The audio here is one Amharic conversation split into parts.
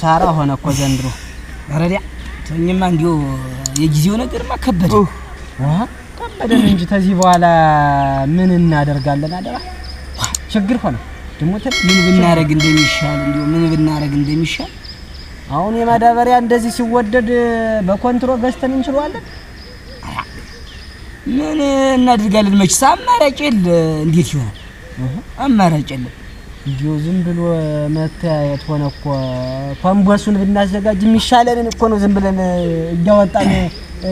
ኪሳራ ሆነ እኮ ዘንድሮ። ረዲያ ተኝማ እንዲሁ የጊዜው ነገርማ ከበደ ከበደን እንጂ ተዚህ በኋላ ምን እናደርጋለን? አደራ ችግር ሆነ። ደግሞ ምን ብናረግ እንደሚሻል እንዲሁ ምን ብናረግ እንደሚሻል አሁን የማዳበሪያ እንደዚህ ሲወደድ በኮንትሮ ገዝተን እንችለዋለን? ምን እናደርጋለን? መችስ አማራጭ የለ። እንዴት ይሆን አማራጭ የለም። እንዲሁ ዝም ብሎ መተያየት ሆነ እኮ ኮምቦሱን ብናዘጋጅ የሚሻለንን እኮ ነው። ዝም ብለን እያወጣን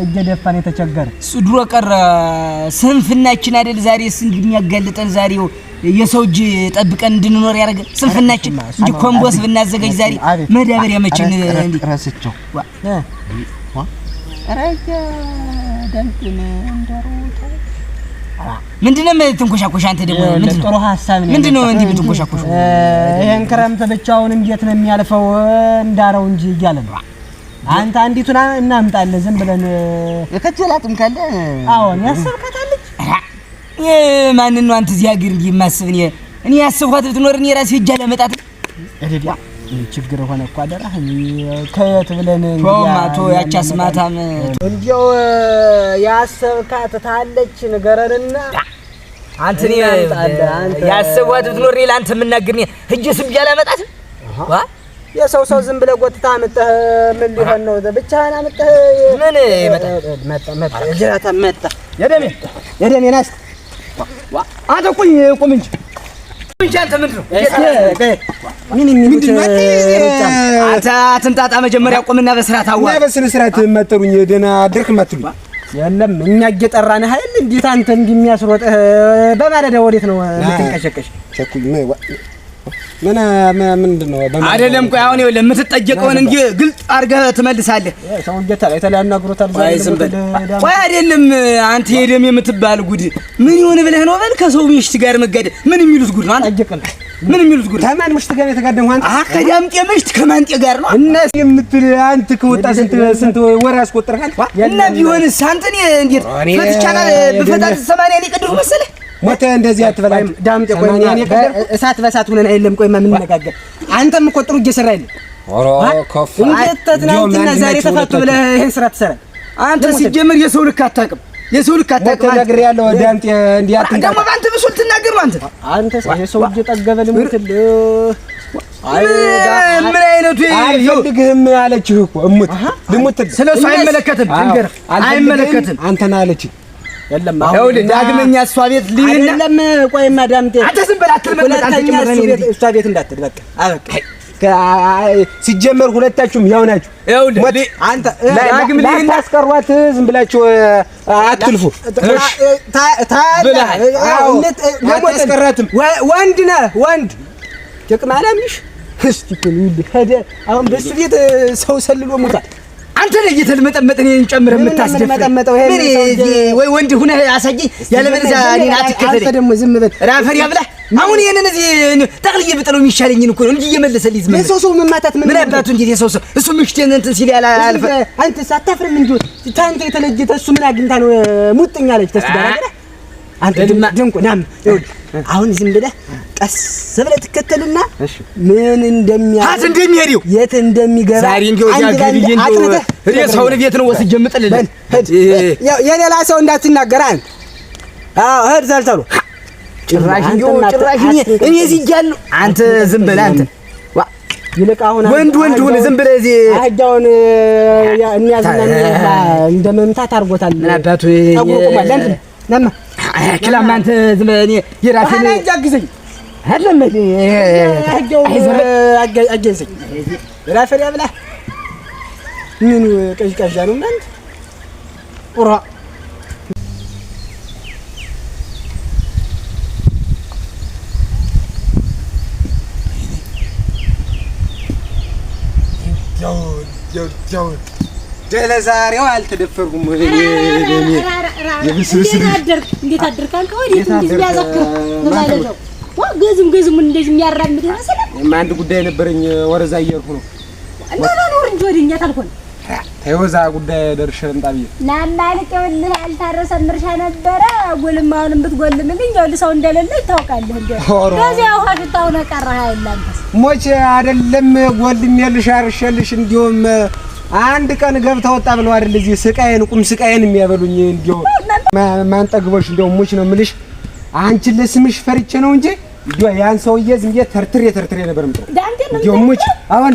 እየደፋን የተቸገረ እሱ ድሮ ቀረ። ስንፍናችን አይደል ዛሬ ስንግ የሚያጋልጠን ዛሬው የሰው እጅ ጠብቀን እንድንኖር ያደረገ ስንፍናችን እንጂ ኮምቦስ ብናዘጋጅ ዛሬ መዳበሪያ መችን ረስቸው ረጃ ደንትን እንደሮታ ምንድነው የምትንኮሻኮሽ? አንተ ደግሞ ምንድነው ጥሩ ሀሳብ ነው። ምንድነው እንዲህ የምትንኮሻኮሽ? ይሄን ክረምት ብቻውን እንዴት ነው የሚያልፈው? እንዳረው እንጂ እያለ ነው። አንተ አንዲቱን እናምጣለን ዝም ብለን ከጀላጥም ካለ አሁን ያሰብካታለች። ማንን ነው አንተ እዚህ ሀገር እንዲህ የማስብ እኔ እኔ ያሰብኳት ብትኖር እኔ ራሴ እጃ ለመጣት ችግር ሆነ እኮ አደራ ከየት ብለን አቶ ያቺ አስማታም እንዲያው ያሰብካት ታለች ንገረንና አንተ ያሰብኋት ብትኖር ለአንተ የምናገር ህጅ ስም ያላመጣት የሰው ሰው ዝም ብለህ ጎትታ አምጥተህ ምን ሊሆን ነው? ብቻህን አምጥተህ ምን መጣ መጣ የደሜ የደሜ ናስ አንተ ቁኝ ቁም እንጂ አትንጣጣ። መጀመሪያ ቁምና በስርዓት አዋ በስነ ስርዓት የማጠሩኝ ደህና አደርክ የማትሉኝ የለም። እኛ እየጠራንህ አይደል? እንዴት አንተ እንደሚያስሮጥህ በማለዳ ወዴት ነው የምትንቀሸቀሽ? ምን ምንድን ነው አይደለም። ቆይ አሁን ይኸውልህ የምትጠየቀውን እንጂ ግልጥ አድርገህ ትመልሳለህ። ቆይ አይደለም አንተ የደም የምትባል ጉድ ምን ይሆን ብለህ ነው? በል ከሰው ምሽት ጋር መጋደም ምን የሚሉት ጉድ ነው? ምን የሚሉት ጉድ ከማን ምሽት ጋር የተጋደምኩ አንተ? ምሽት ከማንጤ ጋር ነው የምትል አንተ ከወጣ ስንት ስንት ወር ያስቆጥርሃል እና ቢሆንስ እንዴት ፈትቻና ሰማንያ መሰለህ ሞተ እንደዚህ አትበላም። ዳምጤ ቆይ እኔ ቀደም እሳት በእሳት ሆነን አይደለም። ቆይ ምን እንነጋገር። አንተም እኮ ጥሩ እየሰራ አይደል? ኦሮ ኮፍ እንዴት ትናንትና ዛሬ ተፋቱ ብለህ ይሄን ስራ ትሰራለህ? አንተ ሲጀምር የሰው ልክ አታውቅም። የሰው ልክ አታውቅም። ነገር ያለው ዳምጤ እንዲህ አትንቀር ደግሞ ባንተ ብሱል ትናገር አንተ አንተ የሰው ልጅ ጠገበ ልምትል ምን አይነቱ አልፈልግህም አለችህ እኮ እሙት ልሙት ስለሱ አይመለከትም። አንተን አለችህ የለም አሁን ዳግመኛ እሷ ቤት ልሂድ አይደለም፣ ቆይማ ዳምጤ አንተ ዝም በል አትልም። እሷ ቤት እንዳትል በቃ ሲጀመር ሁለታችሁም ያው ናችሁ። አንተ ዳግም ልሂድ አስቀሯት፣ ዝም ብላችሁ አትልፉ። አታስቀራትም። ወንድ ነህ ወንድ ጥቅም አላምሽ። እስኪ እኮ አሁን በእሱ ቤት ሰው ሰልሎ ሙቷል። አንተ ላይ እየተመጠመጠ እኔን ጨምር የምታስደፍር ወይ ወንድ ሁነህ አሳየኝ። ያለበለዚያ እኔን አትከተለኝ። ደግሞ ዝም በል ራፈሪያ ብላ አሁን ይሄንን እዚህ ጠቅልዬ ብጥለው የሚሻለኝን እኮ ነው እንጂ እየመለሰልኝ ዝም ብለህ የሰው ሰው መማታት ምን አባቱ እንዴት የሰው ሰው እሱ ምሽቴን እንትን ሲል ያለ አልፈ አንተስ አታፍርም እንዴ? ታንተ የተለጀተ እሱ ምን አግኝታ ነው ሙጥኛ አለች ተስዳ አንተ ድማ ድንቁ ናም አሁን ዝም ብለህ ቀስ ብለህ ትከተልና ምን እንደሚያ እንደሚሄደው የት እንደሚገባ ዛሬ እንደው ሰውን ቤት ነው ወስጄ የምጥልልህ። የሌላ ሰው እንዳትናገር አንተ። አዎ እህድ ዘልተሉ ጭራሽ እንደው ጭራሽ እኔ እዚህ እያለሁ አንተ ዝም ብለህ አንተ ይልቅ አሁን ወንድ ወንድ ሁን። ዝም ብለህ እዚህ አጃውን እንደመምታት አድርጎታል። ምን አባቱ إيه، كلام انت زماني يراسي انا انت اجزي هل بلا من جانو من انت ለዛሬው አልተደፈርኩም። ገዝም ገዝም እንደዚህ የሚያራምድ መሰለህ። አንድ ጉዳይ ነበረኝ፣ ወረዛ እየሄድኩ ነው። እና ነው ጉዳይ ደርሼ ልምጣ ብዬ ናማልቅ ይኸውልህ፣ ያልታረሰም እርሻ ነበረ ጉልም አሁንም ብትጎልምልኝ ይኸውልህ፣ ሰው እንደሌለ ይታወቃልህ። በዚያ ውሃ ሽታው ነው ቀረ። ሞቼ አይደለም ጎልሜልሽ አርሼልሽ እንዲሁም አንድ ቀን ገብታ ወጣ ብለው አይደል እዚህ ስቃዬን ቁም ስቃዬን የሚያበሉኝ። እንዲያው ማንጠግቦሽ እንዲያው ሙች ነው የምልሽ። አንቺን ለስምሽ ፈርቼ ነው እንጂ እንዲያው ያን ሰውዬ ዝም ብዬሽ ተርትሬ ተርትሬ ነበር የምጥሩ። እንዲያው ሙች አሁን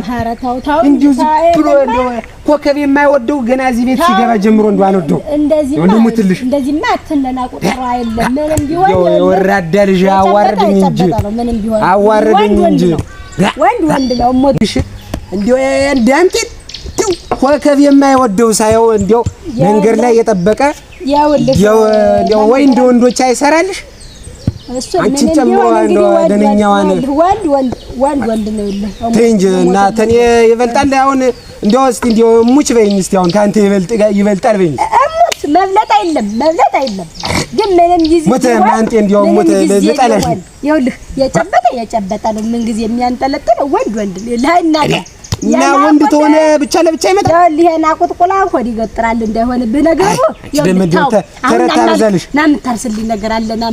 እንዲሁ ዝም ብሎ እንዲያው ኮከብ የማይወደው ገና እዚህ ቤት ሲገባ ጀምሮ እንዲያው አልወደው እንዲያው ሙትልሽ። እንደዚህማ አትነናቁ፣ ጥሩ አይደለም። ምንም ቢሆን የወራዳ ልጅ አዋረደኝ እንጂ አዋረደኝ እንጂ ወንድ ወንድ ነው ሞት እንዲያው እንዳንቴት ኮከብ የማይወደው ሳየው እንዲያው መንገድ ላይ የጠበቀ ያው ወይ እንደ ወንዶች አይሰራልሽ አንቺን ጨምሮ ደነኛዋን ወንድ እና ተኔ ይበልጣል። አሁን እንዲያው እስኪ እንዲያው ሙች በይኝ እስኪ አሁን ከአንተ ይበልጣል በይኝ። እሙት መብለጥ አይደለም መብለጥ አይደለም ግን ምንም ጊዜ ሙት ማንጤ እንዲያው ሙት ልጠለሽ። ይኸውልህ የጨበጠ የጨበጠ ነው ምን ጊዜ የሚያንጠለጥል ወንድ ወንድ ለሃይና እና ወንድ ተሆነ ብቻ ለብቻ ይመጣል። ይኸውልህ ይሄን አቁጥቁላ ሆድ ይገጥራል እንዳይሆንብህ ነገሩ። ና የምታርስልኝ ነገር አለ። ና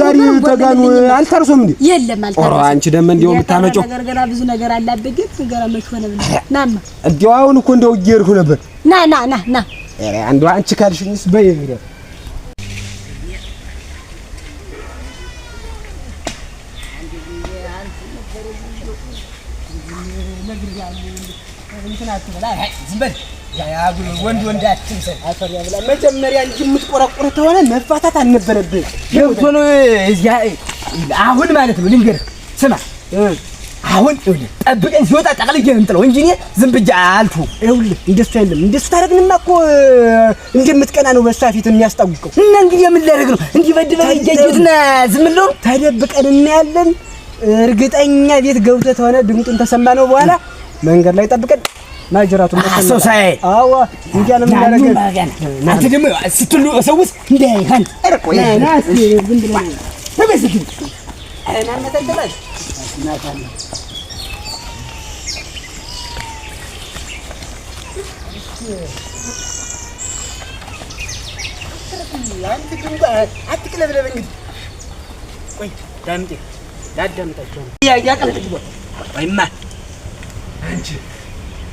ዛሬ ተጋኑ አልታርሶም እንዴ? የለም አልታርሶም። አንቺ ደግሞ እንደው የምታመጪው ነገር ገና ብዙ ነገር አለ። አበጌት ገና መች ሆነ ናማ። እንደው አሁን እኮ እንደው እየሄድኩ ነበር። ና ና ና ና አንቺ ካልሽኝስ በይ ወንድ ወንድ አትምሰል። መጀመሪያ እንጂ የምትቆረቁርህ ተሆነ መፋታት አልነበረብህም። ገብቶህ ነው? አሁን ማለት ነው ልንገርህ፣ ስማ አሁን ጠብቀኝ፣ ሲወጣ ጠቅልዬ ነው እንጂ እኔ ዝም ብዬ አልተውም። ይኸውልህ እንደሱ አይደለም። እንደሱ ታደርግንማ እኮ እንደምትቀና ነው በእሷ ፊት የሚያስታውቀው። እና እንግዲህ የምን ላደርግ ነው እንዲህ በድበህ እያየሁትና ዝም ብለው ተደብቀን እናያለን። እርግጠኛ ቤት ገብተህ ተሆነ ድምጡን ተሰማ ነው በኋላ መንገድ ላይ ጠብቀን ማጅራቱ ሰው ሳይ አዎ እንዲያለ ምን ያደርገ አንተ ደግሞ ስትሉ ሰውስ እንዴ ይሁን አረቆ ይሁን ናስ ዝም ብሎ ተበስኪ እና መተደበል ናታለ አንተ ግንባ አትቅለብለብ እንግዲህ ቆይ ዳምጤ ዳዳምጣቸው ያ ያቀለጥ ግባ ወይማ አንቺ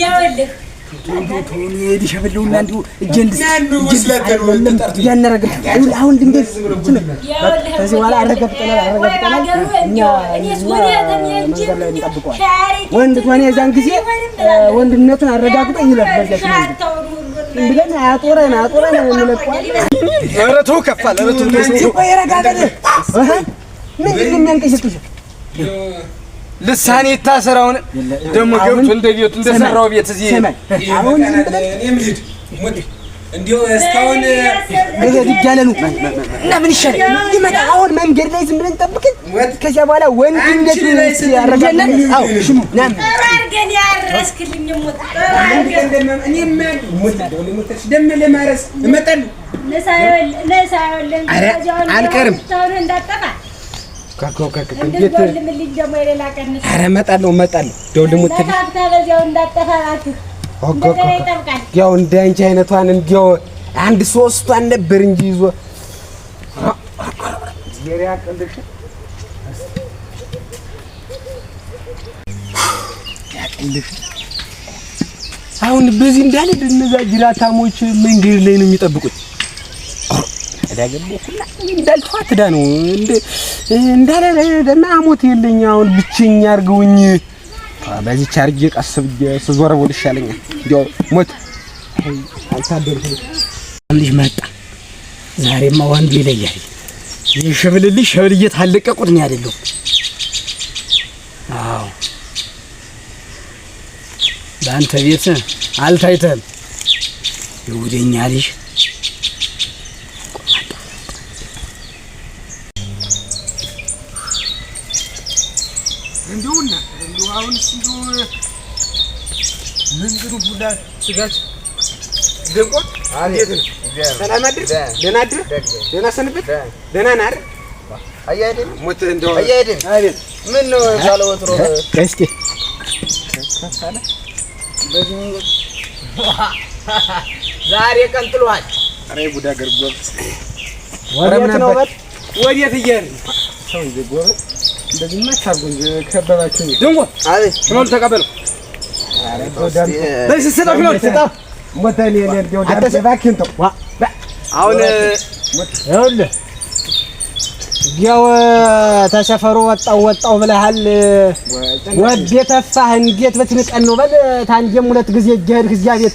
ይኸውልህ ሸበለውና ወንድነቱን አረጋግጦ ይለፍ ብለን ምንድን ነው የሚያንቀሸቅሸው? ልሳኔ ይታሰራውን ደግሞ ገብቶ እንደ ቤቱ እንደ ቤት እዚህ እና ምን ይሻላል? ይመጣ አሁን መንገድ ላይ ዝም ብለን ጠብቅን። ከዚያ በኋላ ወንድ ያረጋል? አልቀርም ኧረ ያው እንደ አንቺ አይነቷን እንዲያው አንድ ሶስቷን ነበር እንጂ ይዞ አሁን በዚህ እንዳለ እነዛ ጅራታሞች መንገድ ላይ ነው የሚጠብቁት። ትዳ ገባሁና እንዳልቷ ነው እንዳለ ደማ ሞት የለኝ አሁን ብቸኛ አድርገውኝ በዚህ ቻርጅ ቀስ ብዬ ስዞር ወደ ይሻለኛል። እንዲያው ሞት አልታደርኩም። ልጅ መጣ ዛሬማ ወንዱ ይለያል። የሸብልልሽ ሸብል እየታለቀቁት ነው ያደለው። አዎ በአንተ ቤት አልታይተም ይውደኛ ልጅ አሁን ስንዱ መንገዱ ቡና ስጋት ደንቆት እንዴት ነው? ሰላም አድር፣ ደህና አድር፣ ደህና ሰንበት፣ ደህና ናር። አያይደን ሞት እንደው አያይደን አይደል? ምን ነው ባለ ወትሮ እስኪ በዚህ ዛሬ ቀንጥሏል። አሬ ቡዳ ገርጎብ ወዴት ነው? ወዴት እየሄድን ሰው ይጎበዝ እንደዚህማ አታርጉኝ። ከበባችሁ ድንጎ ሽመሉ ተቀበሉ። አሁን ይኸውልህ ተሰፈሩ ወጣው ወጣው ብለሃል። ወደ ተፋህ እንዴት በትንቀን ነው በል ታንጀም ሁለት ጊዜ ሄድክ እዚያ ቤት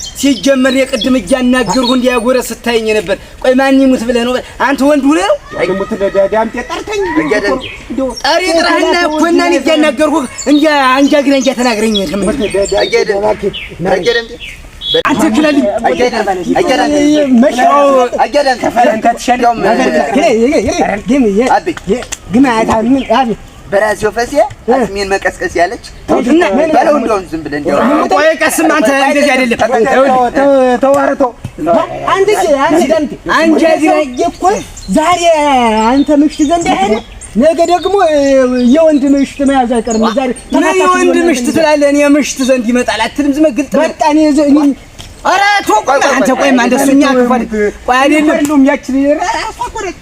ሲጀመር ቅድም እያናገርኩ እንዲያጎረ ስታይኝ ነበር። ቆይ ማን ይሙት ብለህ ነው አንተ? ወንድ ሁነህ ነው ይሙት ለዳዳም ጠርተኝ ጠሪ ጥራህና እኮ እና እኔ እያናገርኩ እንጂ አንጃ ግራ እንጃ ተናግረኝ የለም አንተ ግለልኝ አጀዳን በራሴ ፈሴ አስሜን መቀስቀስ ያለች በለው። እንደውም ዝም ብለህ እንደው ቆይ፣ ቀስም አንተ እንደዚህ አይደለም። ተዋርቶ አንድ አንቺ አዝራዬ እኮ ዛሬ አንተ ምሽት ዘንድ አይደል ነገ ደግሞ የወንድ ምሽት መያዝ አይቀርም። ዛሬ ምን የወንድ ምሽት ትላለህ? እኔ ምሽት ዘንድ ይመጣል አትልም? ዝም ግልጥ በቃ እኔ ኧረ ተው ቆይ አንተ ቆይ፣ እንደሱኛ ክፈል ቆይ፣ አይደለም ያችን ራሷ ቆረጥ